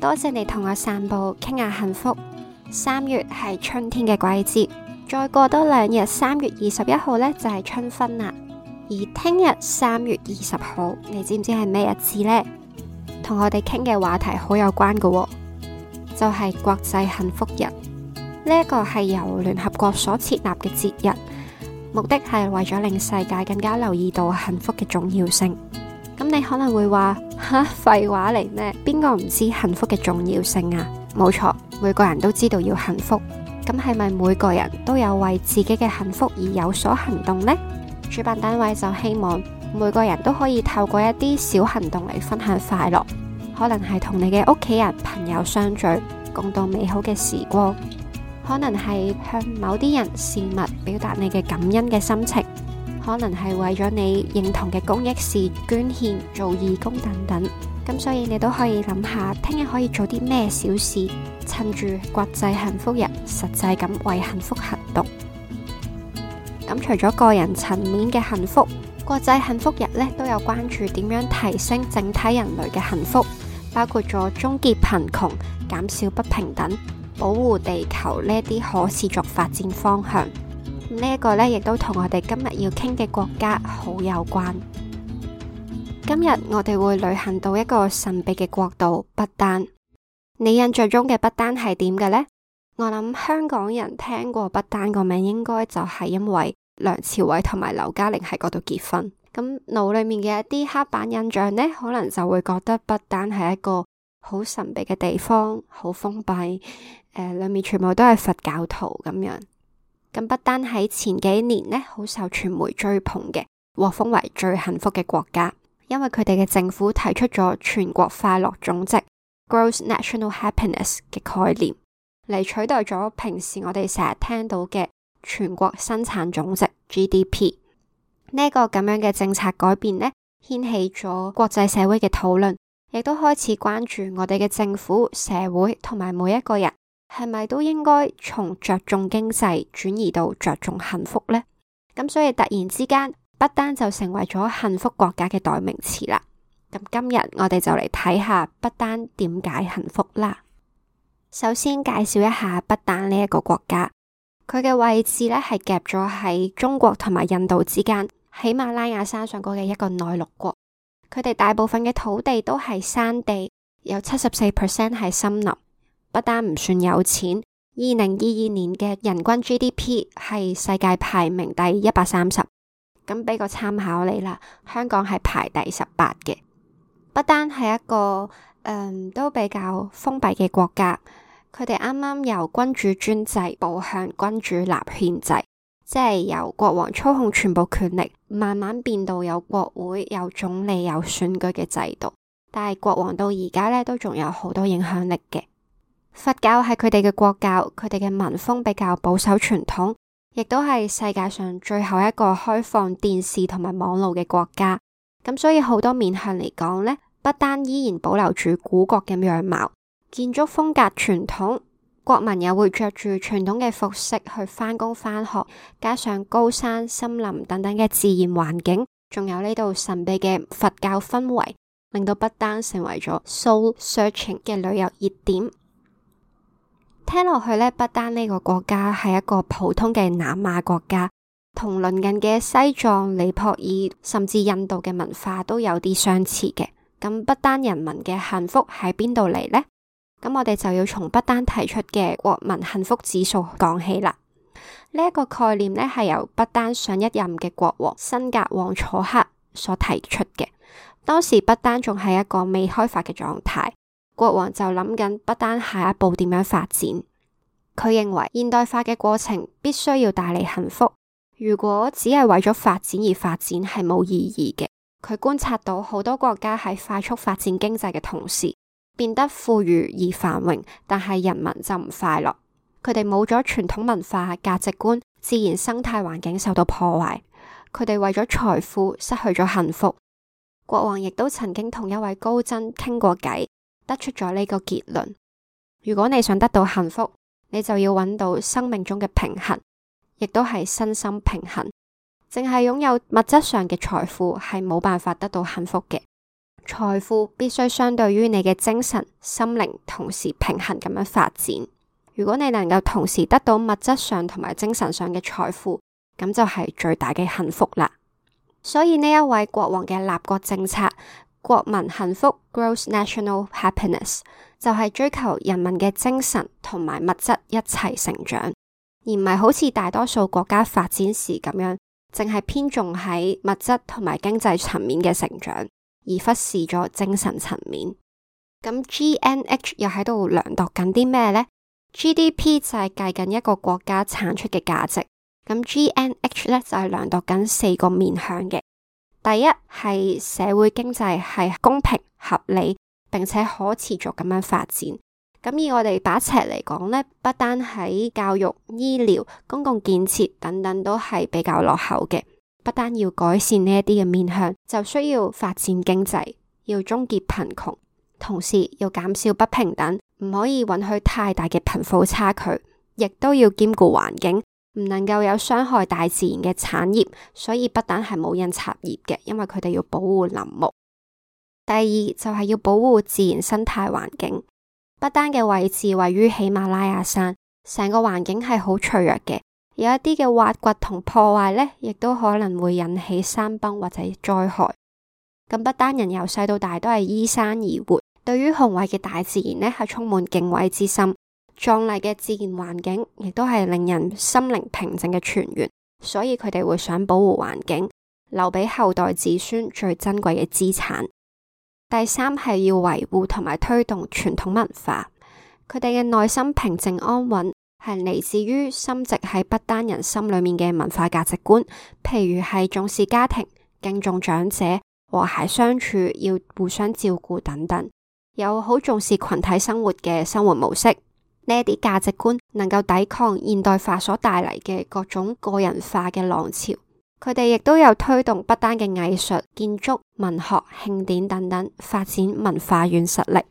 多謝你同我散步，傾下幸福。三月係春天嘅季節，再過多兩日，三月二十一號呢，就係、是、春分啦。而聽日三月二十號，你知唔知係咩日子呢？同我哋傾嘅話題好有關嘅、哦，就係、是、國際幸福日。呢一個係由聯合國所設立嘅節日，目的係為咗令世界更加留意到幸福嘅重要性。咁你可能會話吓廢話嚟咩？邊個唔知幸福嘅重要性啊？冇錯，每個人都知道要幸福。咁係咪每個人都有為自己嘅幸福而有所行動呢？主辦單位就希望每個人都可以透過一啲小行動嚟分享快樂，可能係同你嘅屋企人、朋友相聚，共度美好嘅時光，可能係向某啲人、事物表達你嘅感恩嘅心情。可能係為咗你認同嘅公益事捐獻、做義工等等，咁所以你都可以諗下，聽日可以做啲咩小事，趁住國際幸福日，實際咁為幸福行動。咁除咗個人層面嘅幸福，國際幸福日咧都有關注點樣提升整體人類嘅幸福，包括咗終結貧窮、減少不平等、保護地球呢啲可持續發展方向。呢一個呢，亦都同我哋今日要傾嘅國家好有關。今日我哋會旅行到一個神秘嘅國度不丹。你印象中嘅不丹係點嘅呢？我諗香港人聽過不丹個名，應該就係因為梁朝偉同埋劉嘉玲喺嗰度結婚。咁腦裏面嘅一啲黑板印象呢，可能就會覺得不丹係一個好神秘嘅地方，好封閉，誒、呃，裏面全部都係佛教徒咁樣。咁不丹喺前幾年呢，好受傳媒追捧嘅，獲封為最幸福嘅國家，因為佢哋嘅政府提出咗全國快樂總值 （Gross National Happiness） 嘅概念，嚟取代咗平時我哋成日聽到嘅全國生產總值 （GDP）。呢個咁樣嘅政策改變呢，掀起咗國際社會嘅討論，亦都開始關注我哋嘅政府、社會同埋每一個人。係咪都應該從着重經濟轉移到着重幸福呢？咁所以突然之間不丹就成為咗幸福國家嘅代名詞啦。咁今日我哋就嚟睇下不丹點解幸福啦。首先介紹一下不丹呢一個國家，佢嘅位置呢係夾咗喺中國同埋印度之間，喜馬拉雅山上高嘅一個內陸國。佢哋大部分嘅土地都係山地，有七十四 percent 係森林。不丹唔算有錢，二零二二年嘅人均 GDP 係世界排名第一百三十，咁俾個參考你啦。香港係排第十八嘅，不丹係一個嗯都比較封閉嘅國家，佢哋啱啱由君主專制步向君主立憲制，即係由國王操控全部權力，慢慢變到有國會、有總理、有選舉嘅制度，但係國王到而家呢都仲有好多影響力嘅。佛教係佢哋嘅國教，佢哋嘅文風比較保守傳統，亦都係世界上最後一個開放電視同埋網絡嘅國家。咁所以好多面向嚟講呢，不丹依然保留住古國嘅樣貌，建築風格傳統，國民又會着住傳統嘅服飾去返工返學，加上高山、森林等等嘅自然環境，仲有呢度神秘嘅佛教氛圍，令到不丹成為咗 soul searching 嘅旅遊熱點。聽落去咧，不丹呢個國家係一個普通嘅南亞國家，同鄰近嘅西藏、尼泊爾甚至印度嘅文化都有啲相似嘅。咁不丹人民嘅幸福喺邊度嚟呢？咁我哋就要從不丹提出嘅國民幸福指數講起啦。呢、這、一個概念呢，係由不丹上一任嘅國王辛格旺楚克所提出嘅。當時不丹仲係一個未開發嘅狀態。國王就諗緊不丹下一步點樣發展。佢認為現代化嘅過程必須要帶嚟幸福。如果只係為咗發展而發展係冇意義嘅。佢觀察到好多國家喺快速發展經濟嘅同時變得富裕而繁榮，但係人民就唔快樂。佢哋冇咗傳統文化價值觀，自然生態環境受到破壞。佢哋為咗財富失去咗幸福。國王亦都曾經同一位高僧傾過偈。得出咗呢個結論，如果你想得到幸福，你就要揾到生命中嘅平衡，亦都係身心平衡。淨係擁有物質上嘅財富，係冇辦法得到幸福嘅，財富必須相對於你嘅精神、心靈同時平衡咁樣發展。如果你能夠同時得到物質上同埋精神上嘅財富，咁就係最大嘅幸福啦。所以呢一位國王嘅立國政策。國民幸福 （Gross National Happiness） 就係追求人民嘅精神同埋物質一齊成長，而唔係好似大多數國家發展時咁樣，淨係偏重喺物質同埋經濟層面嘅成長，而忽視咗精神層面。咁 GNH 又喺度量度緊啲咩呢？GDP 就係計緊一個國家產出嘅價值，咁 GNH 咧就係、是、量度緊四個面向嘅。第一係社會經濟係公平合理，並且可持續咁樣發展。咁以我哋把尺嚟講呢，不單喺教育、醫療、公共建設等等都係比較落後嘅。不單要改善呢一啲嘅面向，就需要發展經濟，要終結貧窮，同時要減少不平等，唔可以允許太大嘅貧富差距，亦都要兼顧環境。唔能夠有傷害大自然嘅產業，所以不丹係冇印刷業嘅，因為佢哋要保護林木。第二就係、是、要保護自然生態環境。不丹嘅位置位於喜馬拉雅山，成個環境係好脆弱嘅，有一啲嘅挖掘同破壞呢，亦都可能會引起山崩或者災害。咁不丹人由細到大都係依山而活，對於雄偉嘅大自然呢，係充滿敬畏之心。壯麗嘅自然環境，亦都係令人心靈平靜嘅泉源，所以佢哋會想保護環境，留俾後代子孫最珍貴嘅資產。第三係要維護同埋推動傳統文化，佢哋嘅內心平靜安穩係嚟自於深植喺不丹人心裏面嘅文化價值觀，譬如係重視家庭、敬重長者、和諧相處、要互相照顧等等，有好重視群體生活嘅生活模式。呢啲價值觀能夠抵抗現代化所帶嚟嘅各種個人化嘅浪潮，佢哋亦都有推動不丹嘅藝術、建築、文學、慶典等等發展文化軟實力。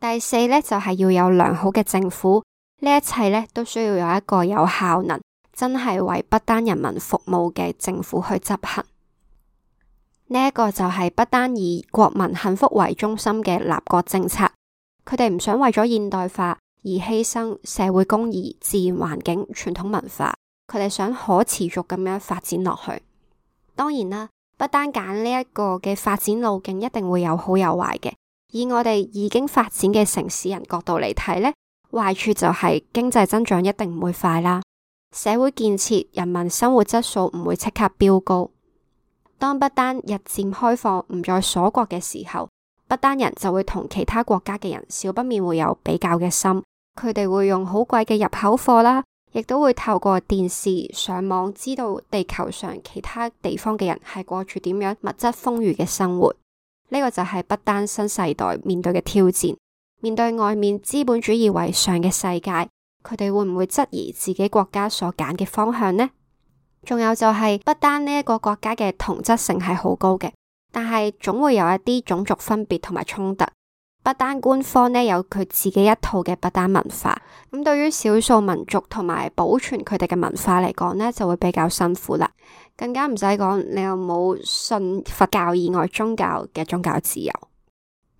第四呢，就係、是、要有良好嘅政府，呢一切呢，都需要有一個有效能、真係為不丹人民服務嘅政府去執行。呢、這、一個就係不丹以國民幸福為中心嘅立國政策。佢哋唔想為咗現代化而犧牲社會公義、自然環境、傳統文化。佢哋想可持續咁樣發展落去。當然啦，不丹揀呢一個嘅發展路徑，一定會有好有壞嘅。以我哋已經發展嘅城市人角度嚟睇呢，壞處就係經濟增長一定唔會快啦，社會建設、人民生活質素唔會即刻飆高。當不丹日漸開放，唔再鎖國嘅時候。不丹人就會同其他國家嘅人，少不免會有比較嘅心。佢哋會用好貴嘅入口貨啦，亦都會透過電視、上網知道地球上其他地方嘅人係過住點樣物質豐裕嘅生活。呢、這個就係不丹新世代面對嘅挑戰，面對外面資本主義為上嘅世界，佢哋會唔會質疑自己國家所揀嘅方向呢？仲有就係不丹呢一個國家嘅同質性係好高嘅。但係總會有一啲種族分別同埋衝突。不丹官方呢，有佢自己一套嘅不丹文化，咁對於少數民族同埋保存佢哋嘅文化嚟講呢，就會比較辛苦啦。更加唔使講，你又冇信佛教以外宗教嘅宗教自由。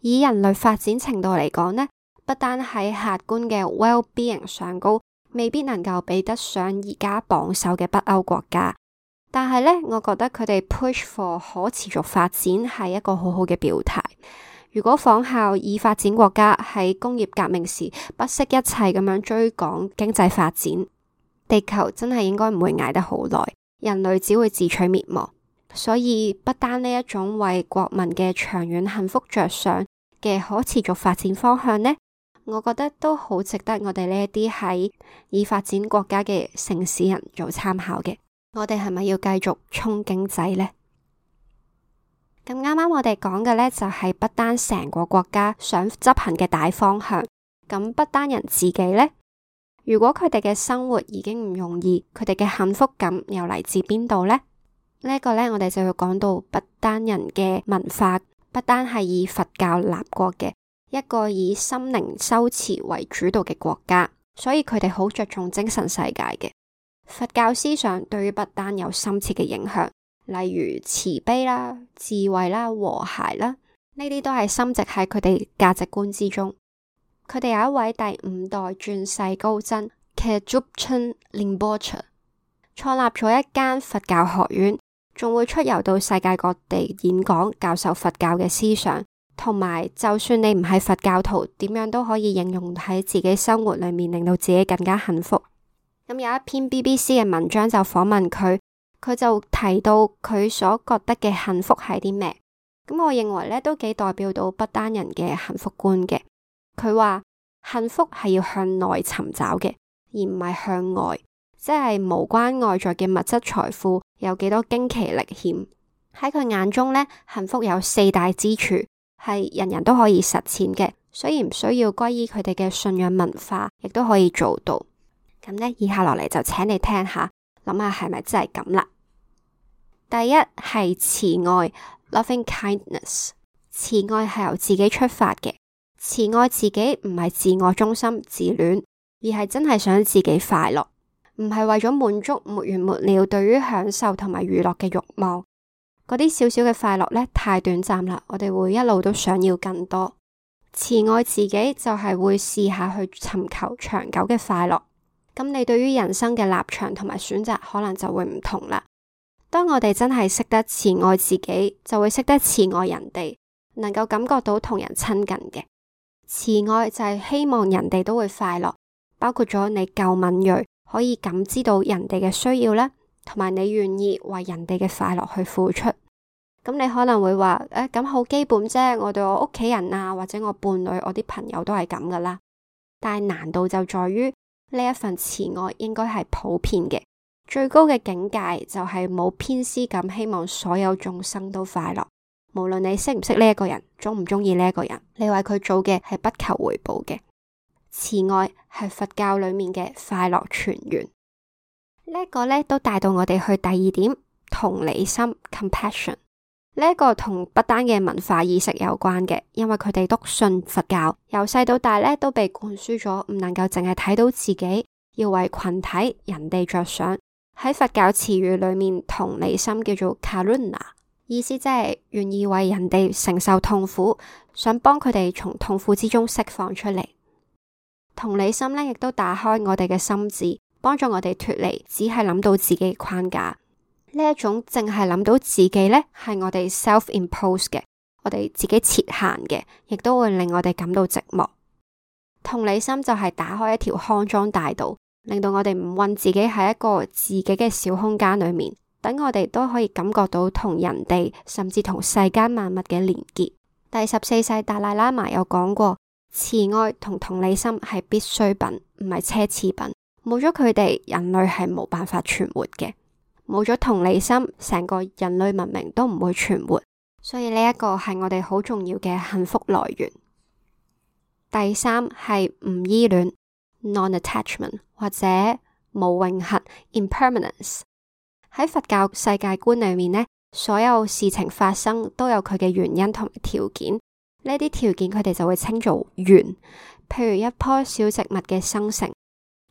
以人類發展程度嚟講呢，不丹喺客觀嘅 well being 上高，未必能夠比得上而家榜首嘅北歐國家。但係呢，我覺得佢哋 push for 可持續發展係一個好好嘅表態。如果仿效已發展國家喺工業革命時不惜一切咁樣追趕經濟發展，地球真係應該唔會捱得好耐，人類只會自取滅亡。所以不單呢一種為國民嘅長遠幸福着想嘅可持續發展方向呢，我覺得都好值得我哋呢一啲喺已發展國家嘅城市人做參考嘅。我哋係咪要繼續衝經濟呢？咁啱啱我哋講嘅呢，就係、是、不丹成個國家想執行嘅大方向，咁不丹人自己呢，如果佢哋嘅生活已經唔容易，佢哋嘅幸福感又嚟自邊度呢？這個、呢一個呢，我哋就要講到不丹人嘅文化。不丹係以佛教立國嘅一個以心靈修持為主導嘅國家，所以佢哋好着重精神世界嘅。佛教思想對於不丹有深切嘅影響，例如慈悲啦、智慧啦、和諧啦，呢啲都係深植喺佢哋價值觀之中。佢哋有一位第五代轉世高僧 Kajupchen Rinpoche，創立咗一間佛教學院，仲會出遊到世界各地演講，教授佛教嘅思想，同埋就算你唔係佛教徒，點樣都可以應用喺自己生活裏面，令到自己更加幸福。咁有一篇 BBC 嘅文章就訪問佢，佢就提到佢所覺得嘅幸福係啲咩？咁我認為咧都幾代表到不丹人嘅幸福觀嘅。佢話幸福係要向內尋找嘅，而唔係向外，即係無關外在嘅物質財富有幾多驚奇歷險。喺佢眼中咧，幸福有四大支柱，係人人都可以實踐嘅，所以唔需要歸依佢哋嘅信仰文化，亦都可以做到。咁呢，以下落嚟，就請你聽下，諗下係咪真係咁啦。第一係慈愛 （loving kindness）。慈愛係由自己出發嘅，慈愛自己唔係自我中心、自戀，而係真係想自己快樂，唔係為咗滿足沒完沒了對於享受同埋娛樂嘅慾望。嗰啲少少嘅快樂呢，太短暫啦，我哋會一路都想要更多。慈愛自己就係會試下去尋求長久嘅快樂。咁你對於人生嘅立場同埋選擇可能就會唔同啦。當我哋真係識得慈愛自己，就會識得慈愛人哋，能夠感覺到同人親近嘅慈愛就係希望人哋都會快樂，包括咗你夠敏銳，可以感知到人哋嘅需要咧，同埋你願意為人哋嘅快樂去付出。咁你可能會話誒，咁、哎、好基本啫，我對我屋企人啊，或者我伴侶、我啲朋友都係咁噶啦。但係難度就在於。呢一份慈愛應該係普遍嘅，最高嘅境界就係冇偏私感，希望所有眾生都快樂。無論你識唔識呢一個人，鍾唔鍾意呢一個人，你為佢做嘅係不求回報嘅。慈愛係佛教裏面嘅快樂泉源。呢、這個呢，都帶到我哋去第二點同理心 （compassion）。Compass 呢一個同不丹嘅文化意識有關嘅，因為佢哋篤信佛教，由細到大咧都被灌輸咗唔能夠淨係睇到自己，要為群體、人哋着想。喺佛教詞語裏面，同理心叫做 karuna，意思即係願意為人哋承受痛苦，想幫佢哋從痛苦之中釋放出嚟。同理心咧，亦都打開我哋嘅心智，幫助我哋脫離只係諗到自己嘅框架。呢一種淨係諗到自己呢係我哋 self impose 嘅，我哋自己設限嘅，亦都會令我哋感到寂寞。同理心就係打開一條康莊大道，令到我哋唔困自己喺一個自己嘅小空間裏面，等我哋都可以感覺到同人哋，甚至同世間萬物嘅連結。第十四世達賴喇嘛有講過，慈愛同同理心係必需品，唔係奢侈品。冇咗佢哋，人類係冇辦法存活嘅。冇咗同理心，成個人類文明都唔會存活，所以呢一個係我哋好重要嘅幸福來源。第三係唔依戀 （non-attachment），或者冇永恆 （impermanence）。喺 Imper 佛教世界觀裏面呢，所有事情發生都有佢嘅原因同條件，呢啲條件佢哋就會稱做緣。譬如一棵小植物嘅生成，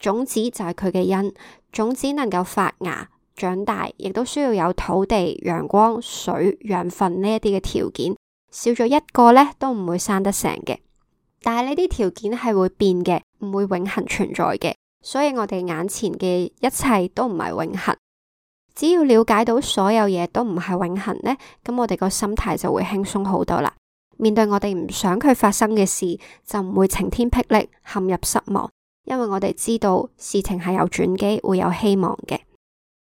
種子就係佢嘅因，種子能夠發芽。長大亦都需要有土地、陽光、水、養分呢一啲嘅條件，少咗一個呢，都唔會生得成嘅。但係呢啲條件係會變嘅，唔會永恒存在嘅。所以我哋眼前嘅一切都唔係永恒。只要了解到所有嘢都唔係永恒呢，咁我哋個心態就會輕鬆好多啦。面對我哋唔想佢發生嘅事，就唔會晴天霹靂，陷入失望，因為我哋知道事情係有轉機，會有希望嘅。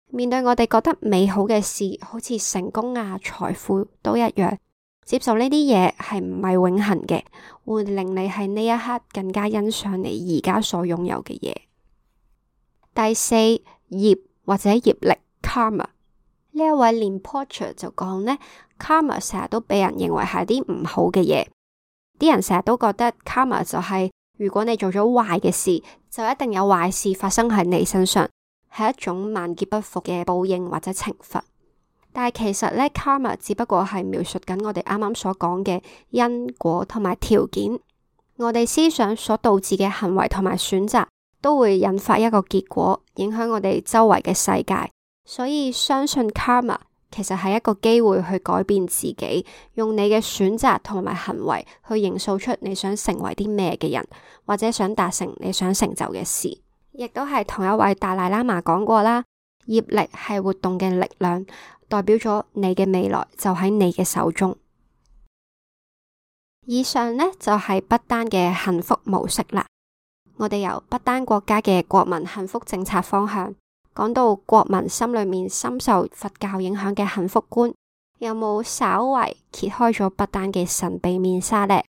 面對我哋覺得美好嘅事，好似成功啊、財富都一樣，接受呢啲嘢係唔係永恒嘅，會令你喺呢一刻更加欣賞你而家所擁有嘅嘢。第四，業或者業力 karma。呢一位 Rinpoche 就講呢 karma 成日都俾人認為係啲唔好嘅嘢，啲人成日都覺得 karma 就係、是、如果你做咗壞嘅事，就一定有壞事發生喺你身上。係一種萬劫不復嘅報應或者懲罰，但係其實咧，karma 只不過係描述緊我哋啱啱所講嘅因果同埋條件，我哋思想所導致嘅行為同埋選擇，都會引發一個結果，影響我哋周圍嘅世界。所以相信 karma 其實係一個機會去改變自己，用你嘅選擇同埋行為去營造出你想成為啲咩嘅人，或者想達成你想成就嘅事。亦都係同一位達賴喇嘛講過啦，業力係活動嘅力量，代表咗你嘅未來就喺你嘅手中。以上呢就係、是、不丹嘅幸福模式啦。我哋由不丹國家嘅國民幸福政策方向，講到國民心裏面深受佛教影響嘅幸福觀，有冇稍微揭開咗不丹嘅神秘面紗呢，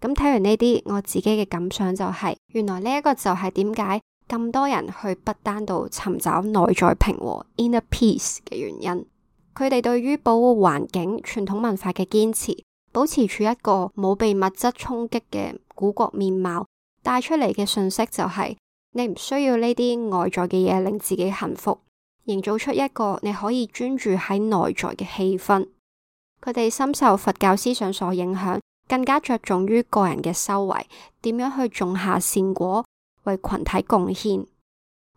咁睇完呢啲，我自己嘅感想就係、是，原來呢一個就係點解？咁多人去不丹度尋找內在平和 （inner peace） 嘅原因，佢哋對於保護環境、傳統文化嘅堅持，保持住一個冇被物質衝擊嘅古國面貌，帶出嚟嘅信息就係你唔需要呢啲外在嘅嘢令自己幸福，營造出一個你可以專注喺內在嘅氣氛。佢哋深受佛教思想所影響，更加着重於個人嘅修為，點樣去種下善果。為群體貢獻，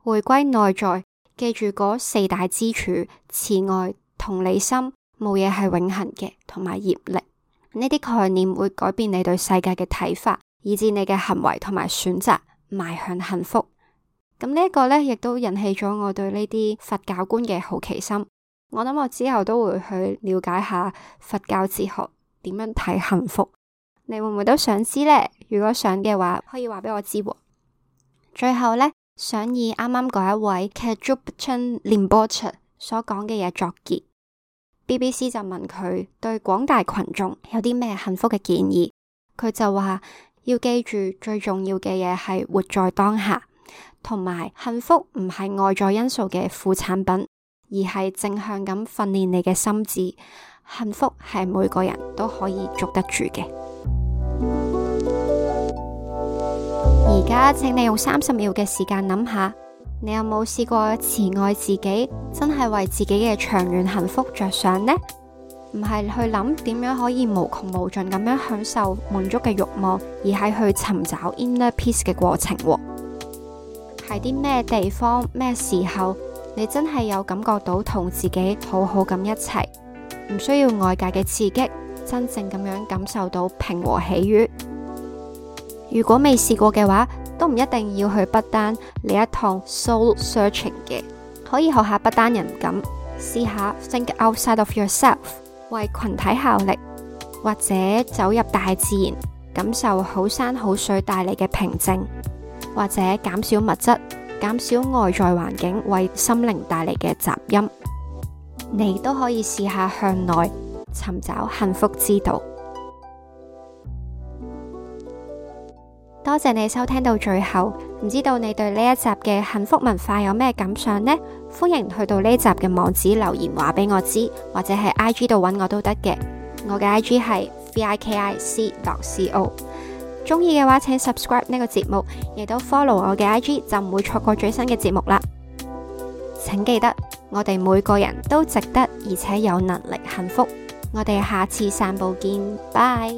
回歸內在，記住嗰四大支柱：慈愛、同理心、冇嘢係永恒嘅，同埋業力。呢啲概念會改變你對世界嘅睇法，以至你嘅行為同埋選擇邁向幸福。咁呢一個咧，亦都引起咗我對呢啲佛教觀嘅好奇心。我諗我之後都會去了解下佛教哲學點樣睇幸福。你會唔會都想知呢？如果想嘅話，可以話俾我知喎。最後呢，想以啱啱嗰一位 Kajubchen Limboche 所講嘅嘢作結。BBC 就問佢對廣大群眾有啲咩幸福嘅建議，佢就話要記住最重要嘅嘢係活在當下，同埋幸福唔係外在因素嘅副產品，而係正向咁訓練你嘅心智。幸福係每個人都可以捉得住嘅。而家，請你用三十秒嘅時間諗下，你有冇試過慈愛自己，真係為自己嘅長遠幸福着想呢？唔係去諗點樣可以無窮無盡咁樣享受滿足嘅慾望，而係去尋找 inner peace 嘅過程喎。係啲咩地方、咩時候，你真係有感覺到同自己好好咁一齊，唔需要外界嘅刺激，真正咁樣感受到平和喜悅。如果未試過嘅話，都唔一定要去不丹嚟一趟 soul searching 嘅，可以學下不丹人咁，試下 think outside of yourself，為群體效力，或者走入大自然，感受好山好水帶嚟嘅平靜，或者減少物質，減少外在環境為心靈帶嚟嘅雜音，你都可以試下向內尋找幸福之道。多謝你收聽到最後，唔知道你對呢一集嘅幸福文化有咩感想呢？歡迎去到呢集嘅網址留言話俾我知，或者喺 I G 度揾我都得嘅。我嘅 I G 係 v i k i c dot c o。中意嘅話請 subscribe 呢個節目，亦都 follow 我嘅 I G 就唔會錯過最新嘅節目啦。請記得，我哋每個人都值得而且有能力幸福。我哋下次散步見，拜。